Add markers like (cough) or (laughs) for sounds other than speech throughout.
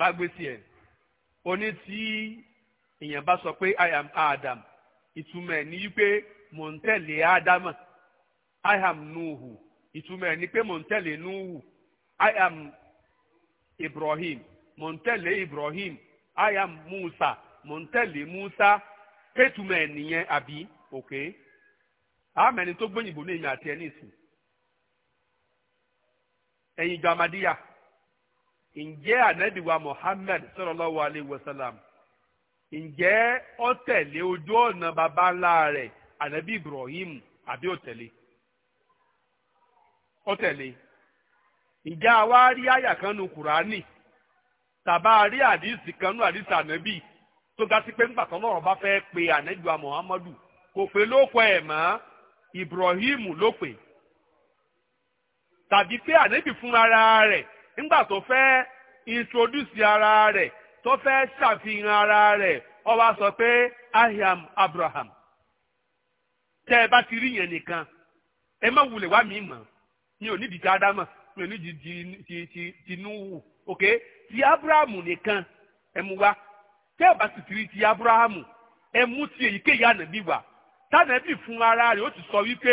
wá onye sí ẹ̀ oní tí èèyàn bá sọ pé i am adam ìtumọ̀ ẹ̀ ní wípé mò ń tẹ̀lé i am nuhu ìtumọ̀ ẹ̀ ní pé mò ń tẹ̀lé nuhu i am ibrahim mò ibrahim i am musa mò ń tẹ̀lé musa kéètumọ̀ ẹ̀ nìyẹn àbí òkè àmẹ́ni tó gbóyìnbó ní ǹjẹ́ ànábì mohammed Muhammad sallallahu alayhi ǹjẹ́ tẹ̀lé ojú ọ̀nà baba ńlá rẹ̀ Ibrahim àbí ó tẹ̀lé ó tẹ̀lé ǹjẹ́ àwa rí àyà kan nu Kùránì tàbá rí àdìsí kan nu àdìsí ga sí pé lọ́rọ̀ pe ànábì mohammed Muhammadu kò pé ló ẹ̀ mọ́ Ibrahim ló pè tàbí pé fúnra rẹ̀ nígbà tó fẹ́ introduce ara rẹ̀ tó fẹ́ ṣàfihàn ara rẹ̀ ó sọ pé I am Abraham tẹ́ ẹ bá ti rí yẹn nìkan ẹ má wulẹ̀ wá mi mọ̀ mi ò nídìí ti Ádámà mi ò nídìí ti ti ti ok ti Abrahamu nìkan ẹ mú wá tẹ́ ẹ bá ti rí ti Abrahamu ẹ mú ti èyíkéyìí ànábì wá tànàbì fún ara rẹ̀ ó ti sọ wípé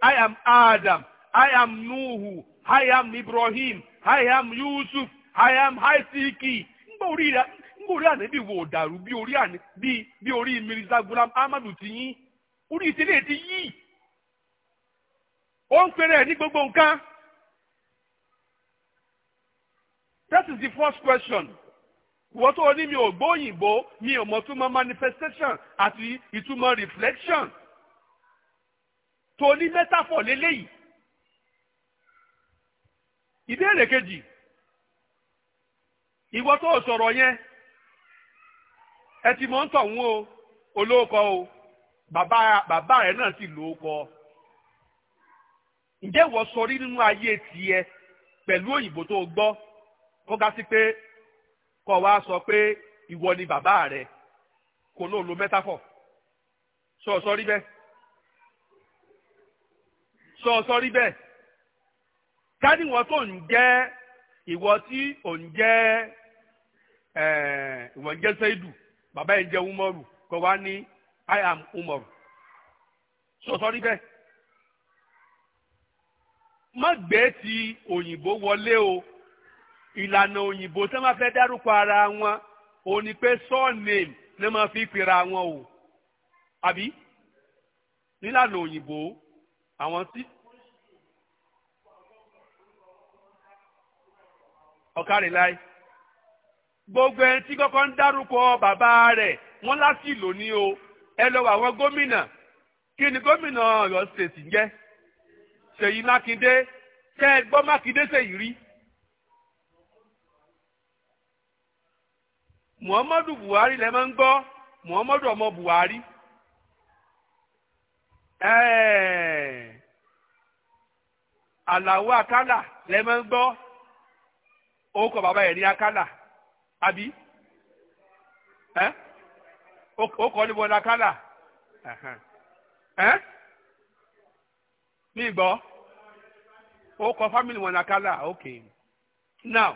I am Adam I am Nuhu. I am Ibrahim I am Yusuf I am Isaac nígbà orí rẹ nígbà orí ànábì wò dàrú bí orí àná bí bí orí Mirza Ghulam Ahmadu ti yín orí ìtẹ́lẹ̀ ti yi o n pèrè ni gbogbo nka That is the first question. Ìwọ́n tó ní mi ò gbóyìnbó mi ò mọ̀ túmọ̀ manifestation àti ìtumọ̀ reflection. Tó ní metaphor lélẹ́yìí. ìbéèrè keji ìwọ tó sọ̀rọ̀ yẹn ẹ ti mọ̀ o olóòkọ o baba bàbá rẹ náà sì lóòkọ ǹjẹ́ ìwọ sọrí nínú ayé tiẹ̀ pẹ̀lú òyìnbó tó gbọ́ kó ga sí pé kó wá sọ pé ìwọ ni bàbá rẹ kò ló lo mẹ́tàfọ̀ sọ sọrí bẹ́ẹ̀ sọ ká ní ìwọ tó ń jẹ́ ìwọ tí ò ń jẹ́ eh, ìwọ ń jẹ́ sẹ́dù bàbá ẹ̀ ń umaru kò wá ní i am umaru sọ̀tọ́ rí bẹ́ẹ̀ má gbé ti òyìnbó wọlé o ìlànà òyìnbó tí wọ́n fẹ́ dárúkọ ara wọn ò ní pé surname ni wọ́n fi pera wọn o àbí nílànà òyìnbó àwọn tí ọ̀kárẹ̀ láì gbogbo ẹni tí kọ́kọ́ ń dárúkọ bàbá rẹ̀ wọ́n láti lò ní o ẹ lọ wọ àwọn gómìnà kí ni gómìnà Ọ̀yọ́ state ń jẹ́ Ṣèyí Mákindé ṣe é gbọ́ Mákindé ṣèyí rí Muhammadu Buhari lẹ́ máa ń gbọ́ Muhammadu ọmọ Buhari ẹ̀ẹ́ Àlàó Àkàlà lẹ́ ń gbọ́ orúkọ bàbá ẹ̀ ní akálà àbí ẹ́ orúkọ níbo ní akálà ẹ́ ní ìgbọ́ orúkọ fámìlì wọn ní akálà ok now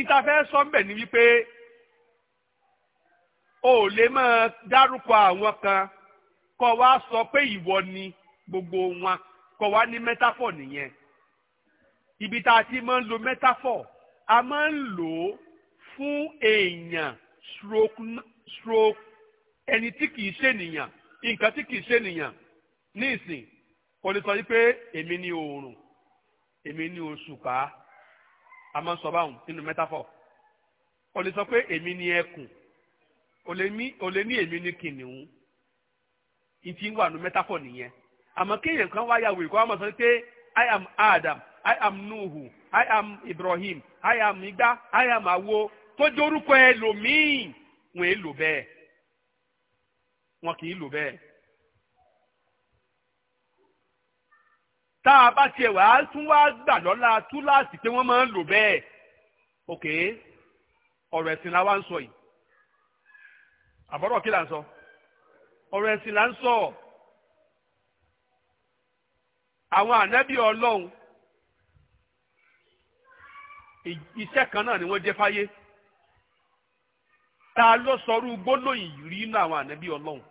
ìtafẹ́ sọ́ńbẹ̀ ni wípé o ò lè máa dárúkọ àwọn kan kó wá sọ pé ìwọ ni gbogbo wọn kó wá ní mẹ́tàfọ̀ nìyẹn ibi tá a ti máa ń lo mẹ́tàfọ̀ a máa ń lò ó fún èèyàn stroke stroke ẹni tí kìí ṣènìyàn nǹkan tí kìí ṣènìyàn ní ìsìn kò lè sọ yí pé èmi ni oòrùn èmi ni òṣùpá a máa ń sọ báwọn nínú metaphor kò lè sọ pé èmi ni ẹkùn ò lè ní èmi ni kìnìún ìtì wà nínú metaphor nìyẹn àmọ́ kéèyàn kan wáyà wò ìkọ́ àmọ́ sọ pé I am Adam I am Nuhu, I am Ibrahim, I am nigba I am Awo, tó jẹ́ wọ́n bẹ́ẹ̀. Wọn kì í lò bẹ́ẹ̀. Tá a bá tiẹ̀ wá tún wá gbà lọ́la túláàsì pé wọ́n máa ń lò bẹ́ẹ̀. Òkè ọ̀rọ̀ ẹ̀sìn la wá ń sọ yìí. Àbọ̀rọ̀ kí là ń sọ? iṣẹ́ kan náà ni wọ́n jẹ́ fáyé ta ló sọrú gbólóyìn rí nínú àwọn ànábì ọlọ́run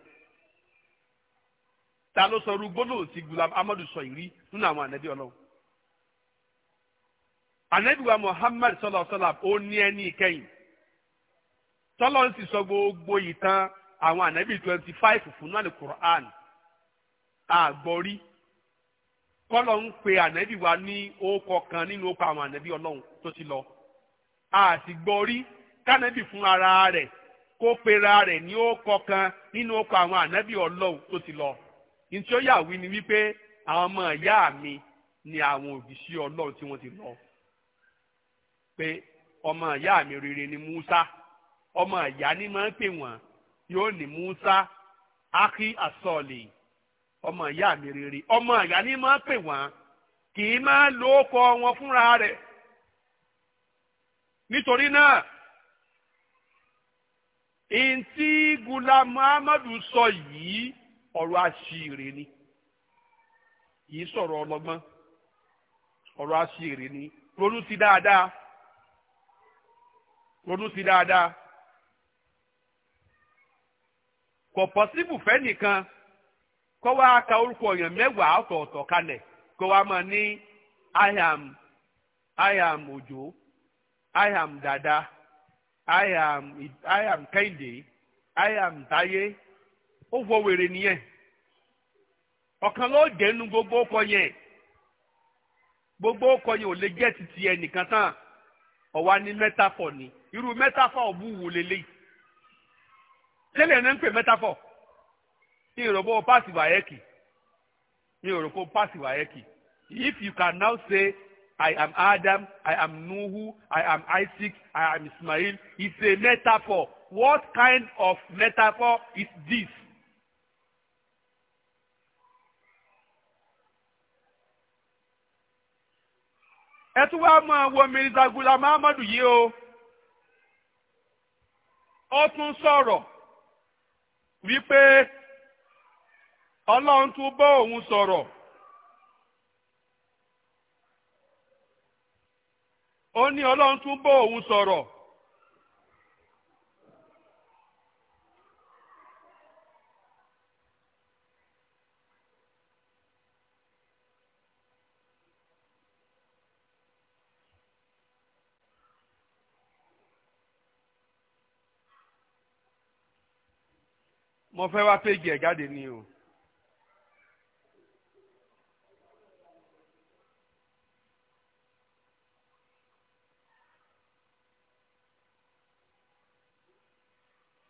ta ló sọrú gbólóyìn tí Gulam Amadu sọ ìrí nínú àwọn ànábì ọlọ́run ànábì wa Muhammad sallallahu alaihi wasallam ó ní ẹni ìkẹyìn tọ́lọ́ ń sì sọ gbogbo ìtàn àwọn ànábì twenty five fún náà ní Quran àgbọ̀rí. Ah, kọ́lọ̀ ń pe ànábì wa ní orúkọ kan nínú orúkọ àwọn ànábì ọlọ́run tó ti lọ a sì gbọ́ rí kánábì fún ara rẹ̀ kó pera rẹ̀ ní orúkọ kan nínú orúkọ àwọn ànábì ọlọ́run tó ti lọ ntí ó yà wí ni wípé àwọn ọmọ ìyá mi ni àwọn òbísí ọlọ́run tí wọ́n ti lọ pé ọmọ ìyá mi rere ni Musa ọmọ ìyá ni máa ń pè wọ́n yóò ní Musa aki asọ́ọ̀lì ọmọ ìyá mi rere ọmọ ìyá ni máa pè wọn kì í máa lo ọkọ wọn fúnra rẹ̀ nítorí náà ntí Muhammadu sọ yìí ọ̀rọ̀ àṣírí ni yìí sọ̀rọ̀ ọlọ́gbọ́n ọ̀rọ̀ àṣírí ni ronú ti dáadáa ronú ti dáadáa kò pọ́sibù fẹ́ nìkan. kọwaa ka ụkwụ ya megwa ọtọ ọtọ ka na ma ka ọ ama na aya m. aya m ojo. aya m dada. aya m i aya m kejidie. aya m taịlị. ụfọdụ were na ya. ọkụnụ gụdenụ gbogbo kọnyụ ị gbogbo kọnyụ ole dị ịzụtiti ya na ikantan ọ ni na metafọl na ya bụ ole na ya. chile na nke metafọl. mi ò rò pé o pass wáyẹ́kì mi ò rò pass wáyẹ́kì if you can now say I am Adam I am Nuhu I am Isaac I am Ismail it's a metaphor what kind of metaphor is this. ẹ tún wá máa wo Mirza Ghulam Ahmad yìí o ó tún sọ̀rọ̀ wípé ọlọ́run tún bá òun sọ̀rọ̀ ó ní ọlọ́run tún bá òun sọ̀rọ̀ mo fẹ́ wá péjì ẹ̀ jáde ni o.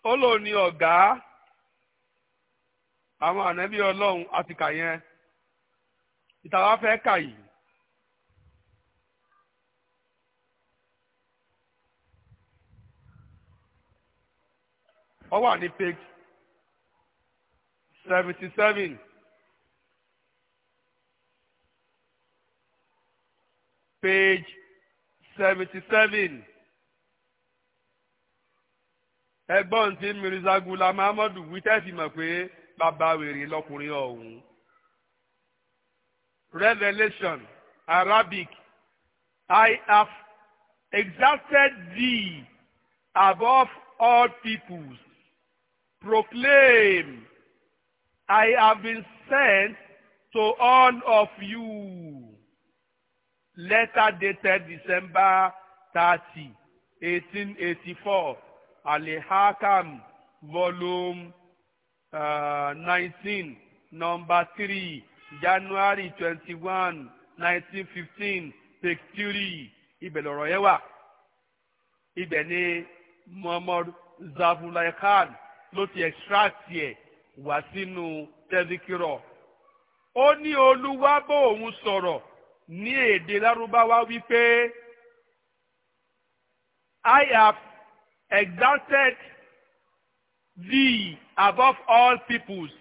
ó lò ní ọ̀gá àwọn ànábì ọlọ́run àti kà yẹn fẹ́ kà yìí. ó wà ní page seventy page seventy ẹgbọ́n tí Mirza Ghulam Ahmad wí tẹ́sí mọ̀ pé bàbá wèrè lọkùnrin ọ̀hún. Revelation Arabic I have exalted thee above all peoples. Proclaim, I have been sent to all of you. Letter dated December 30, 1884 alihakam volume uh, nineteen uh, number 3, january 21, 1915, nineteen fifteen page three ibẹ̀ lọ̀rọ̀ yẹn wà ibẹ̀ ni muhammad zabulai khan ló ti extract yẹ wá sínú tẹ́síkírọ̀ ó ní olúwa òun sọ̀rọ̀ ní èdè lárúbáwá wípé i have exalted thee above all peoples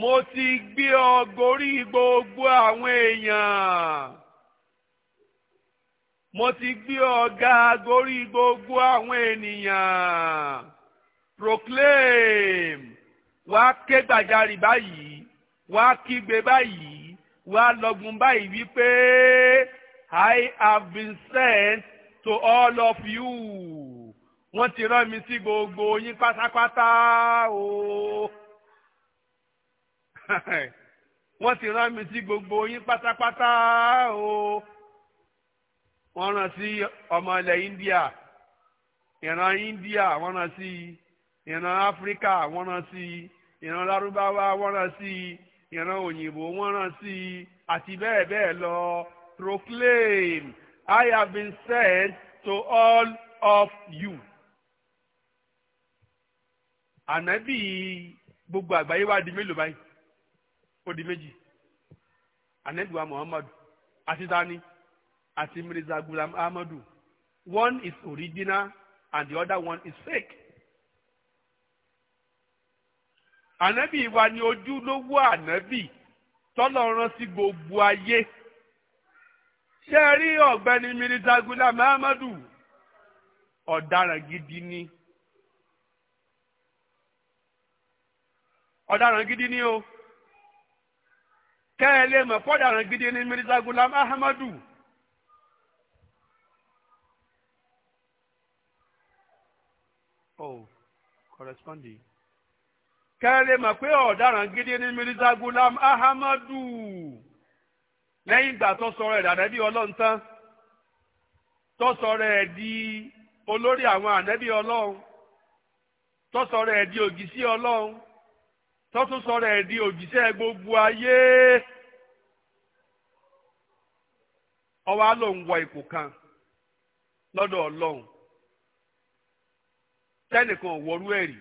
mo ti gbé ọ gorí gbogbo àwọn èèyàn mo ti gbé ọ ga gorí gbogbo àwọn ènìyàn proclaim wá ké gbàjarì báyìí wá kígbe báyìí wá lọ́gun báyìí wípé I have been sent to all of you wọ́n ti rán mi sí gbogbo yín pátápátá o (laughs) wọ́n ti rán mi sí gbogbo yín pátápátá o wọ́n rán sí ọmọ ilẹ̀ India ìran India wọ́n rán sí ìran Áfíríkà wọ́n rán sí ìran Lárúbáwá wọ́n rán sí ìran òyìnbó wọ́n rán sí àti bẹ́ẹ̀ bẹ́ẹ̀ lọ proclaim I have been sent to all of you ànábì gbogbo àgbáyé wa di mélòó báyìí ó di méjì ànábì wa muhammadu àti dání àti mirza gulam ahmadu one is original and the other one is fake. ànábì wa ni ojúlówó ànábì tọ́lọ̀ rán sí gbogbo ayé. ṣé ẹ rí ọ̀gbẹ́ni mirza gulam ahmadu ọ̀daràn gidi ni ọ̀daràn gidi ni o kẹ́ ẹ lè mọ̀ fọ́daràn gidi ni Mirza Gulam Ahmadu oh corresponding kẹ́ ẹ lè mọ̀ pé ọ̀daràn gidi ni Mirza Gulam Ahmadu lẹ́yìn ìgbà olórí àwọn ànẹ́bí ọlọ́run tó sọ̀rọ̀ ẹ̀ di ògì tọ́tún sọ̀rọ̀ ẹ̀ di òjíṣẹ́ gbogbo ayé ọwọ́ á lòun wọ ipò kan lọ́dọ̀ ọlọ́run tẹ́nìkan wọ̀rú ẹ̀rí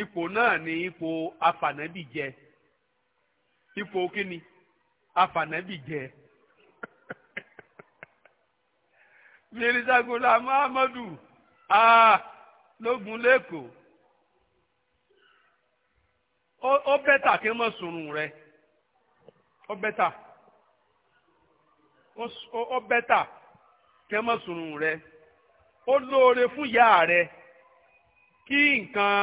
ipò náà ni ipò afànẹ́bì jẹ ipò kíni afànẹ́bì jẹ (laughs) mirisagola Muhammadu aa ah, lógun lẹ́kọ̀ọ́. ó bẹ́tà kí wọ́n sùnrùn rẹ̀ ó bẹ́tà ó bẹ́tà kí sùnrùn ó lóore fún ìyá rẹ kí nǹkan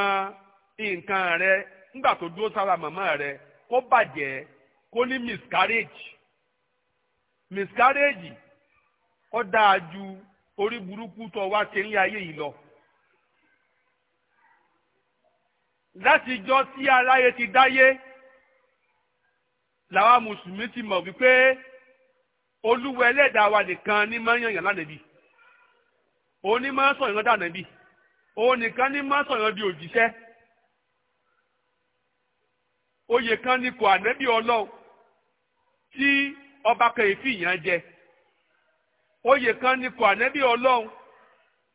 nǹkan rẹ̀ nígbà tó dúró sára màmá rẹ kó bàjẹ́ kó ní miscarriage miscarriage ó dáa ju orí burúkú tó wá ṣe ń lọ. láti jọ tí aráyé ti dáyé làwa mùsùlùmí ti mọ̀ wípé olúwa ẹlẹ́dàá wa nìkan ní máa ń yànyàn lánàbí òun ní máa ń sọ̀yàn dànàbí òun nìkan ní máa ń sọ̀yàn di òjíṣẹ́ oyè kan ní kò ànẹ́bí ọlọ́run tí ọba kan èéfì yàn jẹ oyè kan ní kò ànẹ́bí ọlọ́run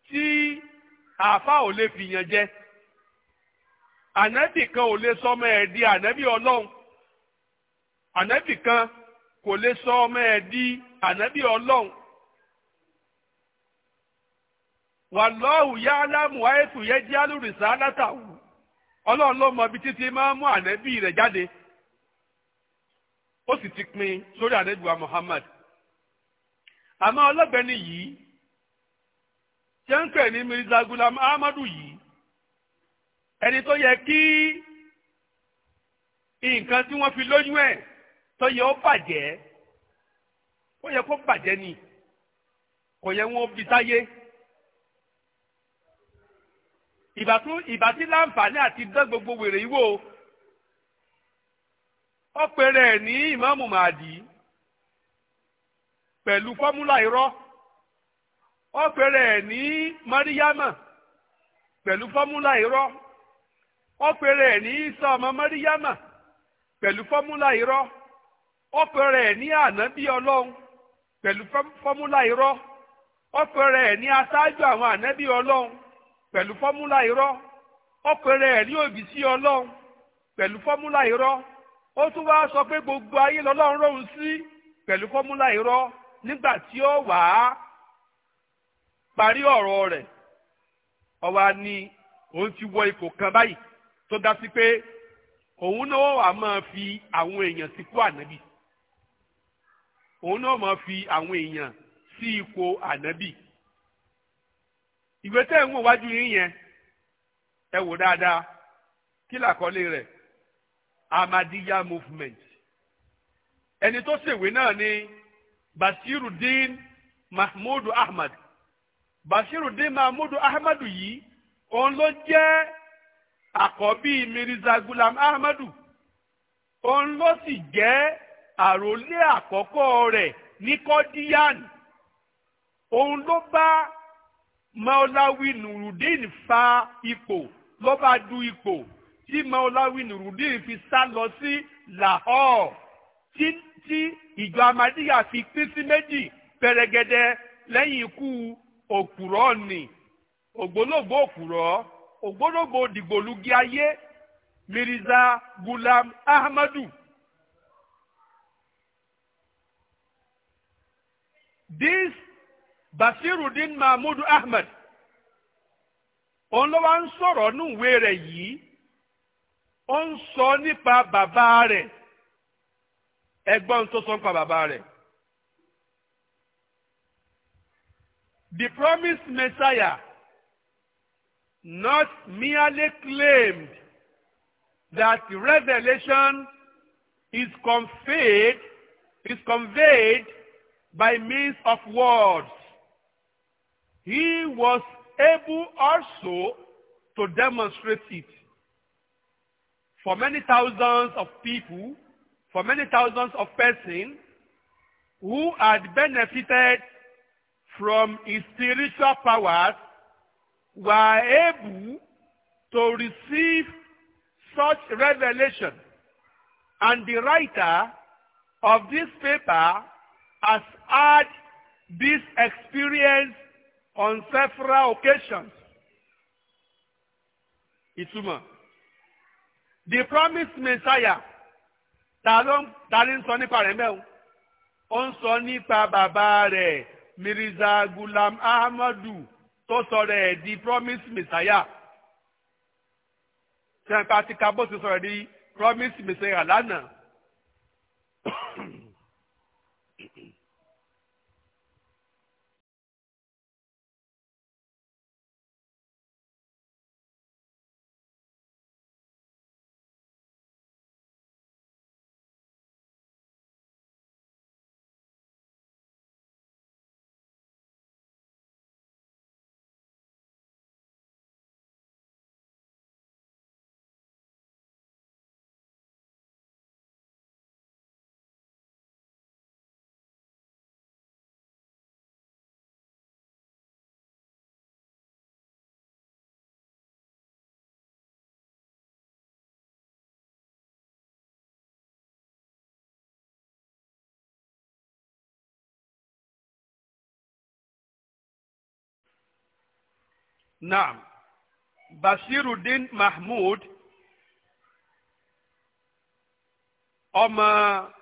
tí àáfà ò lè fi yàn jẹ. anebi kan ò lè sọmọ ẹ̀ di ànábì ọlọ́run kan kò lè sọmọ ẹ̀ di ànábì ọlọ́run wàlọ́hù yá alámù àìsù yẹ jẹ́ alùrìsà látàwù ọlọ́run ló mọ ibi títí máa mú ànábì rẹ̀ jáde ó sì ti pin sórí wa Muhammad àmọ́ ọlọ́gbẹ́ni yìí ṣé ń pè ní Mirza Gulam ẹni tó yẹ kí nǹkan tí wọ́n fi lóyún ẹ̀ tó yẹ ó bàjẹ́ ó yẹ kó bàjẹ́ ni kò yẹ wọ́n fi sáyé ìbátí láǹfààní àti dán gbogbo wèrè yìí wò ó pèrè ẹ̀ ní ìmáàmù màdì pẹ̀lú fọ́múlà irọ́ ó pèrè ẹ̀ ní mọ́ríyámà pẹ̀lú fọ́múlà irọ́ ó pèrè ẹ̀ ní Ìsá ọmọ mọ́ríyámà pẹ̀lú fọ́múlà irọ́ ó pèrè ẹ̀ ní ànábì ọlọ́run pẹ̀lú fọ́múlà irọ́ ó pèrè ní aṣáájú àwọn ànábì pẹ̀lú fọ́múlà irọ́ ó pèrè ní òbísí pẹ̀lú gbogbo ayé sí nígbà tí ó wà á parí ti wọ kan báyìí tó dá sí pé òun náà wà máa fi àwọn èèyàn sípò ànábì òun náà máa fi àwọn èèyàn sí ipò ànábì ìwé tẹ́ ń wò wájú yín yẹn ẹ wò dáadáa kí làkọlé rẹ̀ Ahmadiyya movement ẹni tó ṣèwé náà ni Din, Mahmood Ahmad Basirudin Mahmood Ahmad yìí òun ló jẹ́ àkọ́bí mirza gulam ahmadu òun ló sì jẹ́ àròlé àkọ́kọ́ rẹ̀ ní kọ́díyàn òun ló bá maolawi nurudin fa ipò ló bá du ipò tí maolawi nurudin fi sá lọ sí lahore tí tí ìjọ amadiya fi pín sí méjì pẹrẹgẹdẹ lẹ́yìn ikú òkùrọ ni ògbólógbò òkùrọ ògbólógbò dìgbòlugi ayé Mirza Gulam Ahmadu this Basiruddin Mahmud Ahmad òun ló wá ń sọ̀rọ̀ núwé rẹ̀ yìí ó ń sọ nípa bàbá rẹ̀ ẹgbọ́n tó sọ nípa bàbá rẹ̀. The promised Messiah not merely claimed that revelation is conveyed is conveyed by means of words. He was able also to demonstrate it. For many thousands of people, for many thousands of persons who had benefited from his spiritual powers were able to receive such revelation and the writer of this paper has had this experience on several occasions. Ìtumọ̀ the promised messiah ta ló ta ló ń sọ nípa rẹ̀ mẹ́wọ̀n ó ń sọ nípa bàbá rẹ̀ Mirza Gulam Ahmadu tó sọ̀rọ̀ ẹ̀ di promise messiah sẹ́ńpà àti kábọ́sì sọ̀rọ̀ di promise messiah lánàá نعم، basirudin الدين محمود mirza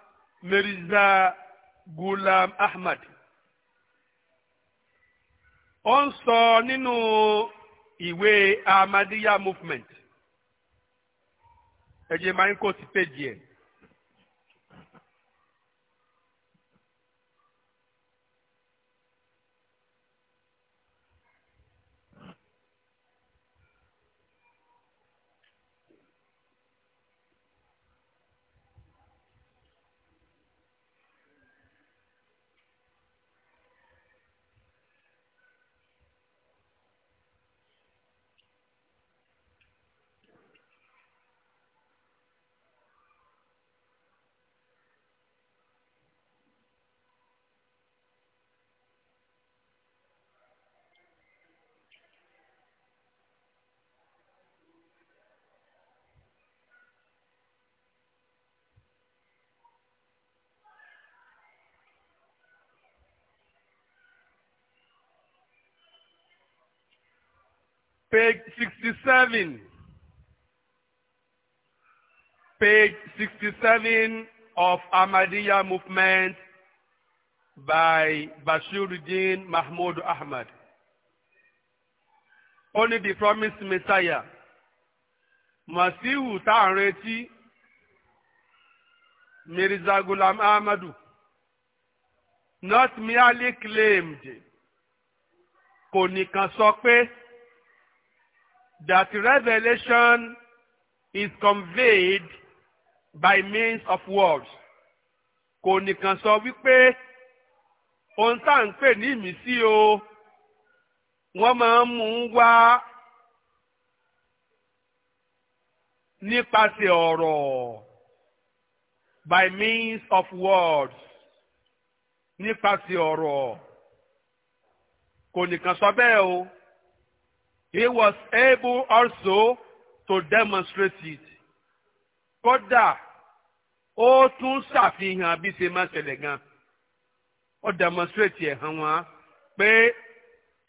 مرزا غلام أحمد. ń sọ nínú ìwé ahmadiyya movement ẹ jẹ́ máa page sixty-seven page sixty-seven of Ahmadiyya movement by Bashiruddin Mahmoud Ahmad. Only the promised Messiah. Masihu tá à ń Mirza Ghulam Ahmadu not merely claimed kò nìkan sọ pé that revelation is conveyed by means of words. Kò nìkan sọ wípé ohun tá à ń pè ní ìmísí o, wọ́n máa ń mú un wá nípasẹ̀ ọ̀rọ̀ by means of words nípasẹ̀ ọ̀rọ̀ kò nìkan sọ bẹ́ẹ̀ o. he was able also to demonstrate it. kódà ó tún ṣàfihàn bí ṣe máa ṣẹlẹ̀ gan. ó demonstrate ẹ̀ hàn wọ́n pé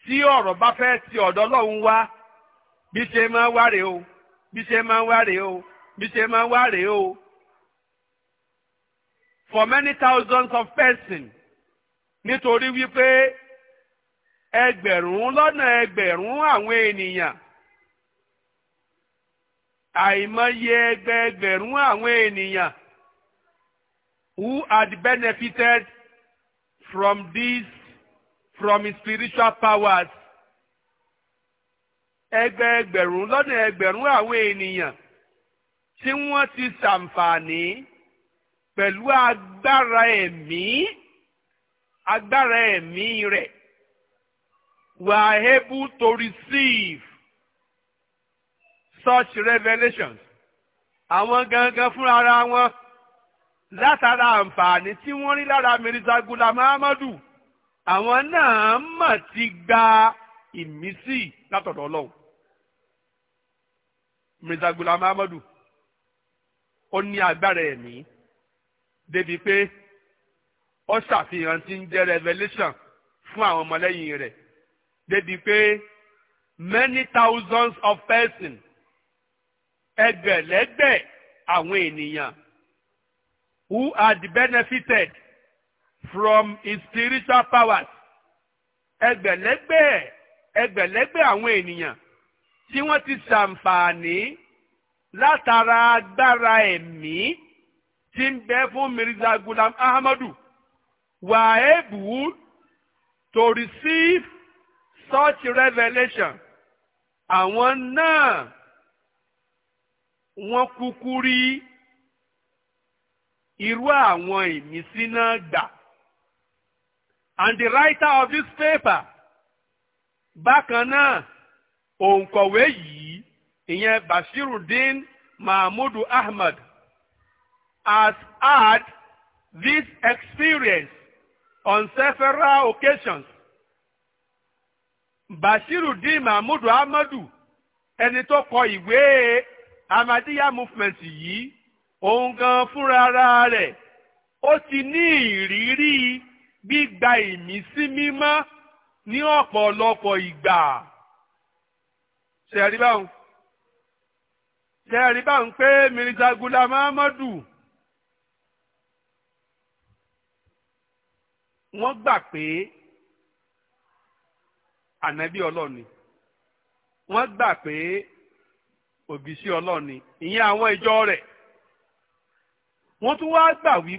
tí ọ̀rọ̀ bá fẹ́ ti ọ̀dọ̀ Ọlọ́run wá bí ṣe máa wá rèé o bí ṣe máa wá rèé o bí ṣe máa wá rèé o. for many thousands of persons nítorí wípé ẹgbẹ̀rún lọ́nà ẹgbẹ̀rún àwọn ènìyàn àìmọye ẹgbẹ̀ẹgbẹ̀rún àwọn ènìyàn who had benefited from these from his spiritual powers ẹgbẹ̀ẹgbẹ̀rún lọ́nà ẹgbẹ̀rún àwọn ènìyàn tí wọ́n ti ṣàǹfààní pẹ̀lú agbára ẹ̀mí agbára ẹ̀mí rẹ̀. We are able to receive such revelations. Àwọn gangan fúnra wọn látara àǹfààní tí wọ́n rí lára Mirza Ghulam Ahmadu àwọn náà mà ti gba ìmísí látọ̀dọ̀ Ọlọ́run. Mirza Ghulam Ahmadu ó ní agbára ẹ̀mí débi pé ó ṣàfihàn tí ń jẹ́ revelation fún àwọn ọmọlẹ́yìn rẹ̀ débi pé many thousands of persons ẹgbẹ̀lẹ́gbẹ̀ àwọn ènìyàn who had benefited from his spiritual powers ẹgbẹ̀lẹ́gbẹ̀ ẹgbẹ̀lẹ́gbẹ̀ àwọn ènìyàn tí wọ́n ti ṣàǹfààní látara agbára ẹ̀mí tí ń bẹ fún Mirza Ghulam Ahmadu were able to receive such revelation àwọn náà wọ́n kúkú rí irú àwọn ìmísí náà gbà. and the writer of this paper bákan náà òǹkọ̀wé yìí ìyẹn Bashirudin Mahmudu Ahmad has had this experience on several occasions Bashirudin Mahmood Ahmadu ẹni tó kọ ìwé Ahmadiyya movement yìí òun gan fúnra ara rẹ̀ ó ti ní ìrírí gbígba ìmísí mímọ́ ní ọ̀pọ̀lọpọ̀ ìgbà ṣẹ̀rí báwọn ṣẹ̀rí báwọn pé Mirza Ghulam Ahmadu wọ́n gbà pé ànábì ọlọ́ọ̀ni wọ́n gbà pé òbí sí ọlọ́ọ̀ni ìyẹn àwọn ìjọ rẹ̀ wọ́n tún wá gbà wí